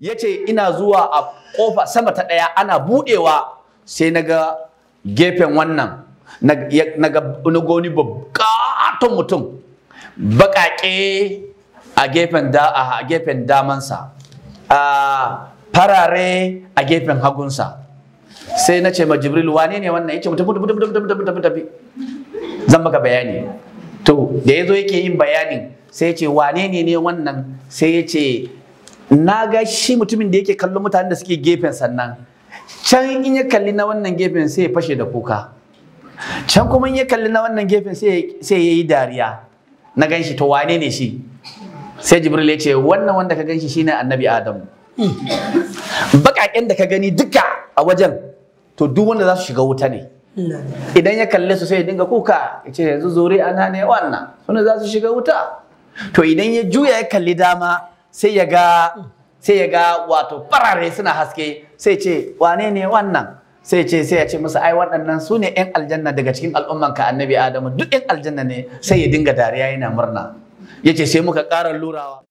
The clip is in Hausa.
Yace ina zuwa a ƙofa sama ta ɗaya ana buɗewa sai na ga gefen wannan na ga wani babbaton mutum baƙaƙe a gefen a gefen damansa a farare a gefen hagunsa sai na ce ma jibril wane ne wannan ya ce mutum tafi tafi zan maka bayani to da yazo yake yin bayanin sai yace wane ne ne wannan sai yace. ce na ga shi mutumin da yake kallon mutanen da suke gefen sannan can in ya kalli na wannan gefen sai ya fashe da kuka can kuma in ya kalli na wannan gefen sai ya yi dariya na gan shi to wane ne shi sai jibril ya ce wannan wanda ka gan shi shine annabi adamu Bakaken da ka gani duka a wajen to duk wanda za su shiga wuta ne idan ya kalle su sai ya dinga kuka ya ce yanzu zuri ana ne wannan suna za su shiga wuta to idan ya juya ya kalli dama sai ya ga sai ya ga wato farare suna haske sai ce wane ne wannan sai ce sai ya ce musu ai waɗannan su ne 'yan aljanna daga cikin al'umman ka annabi adamu duk 'yan aljanna ne sai ya dinga dariya yana murna yace sai muka ƙara lurawa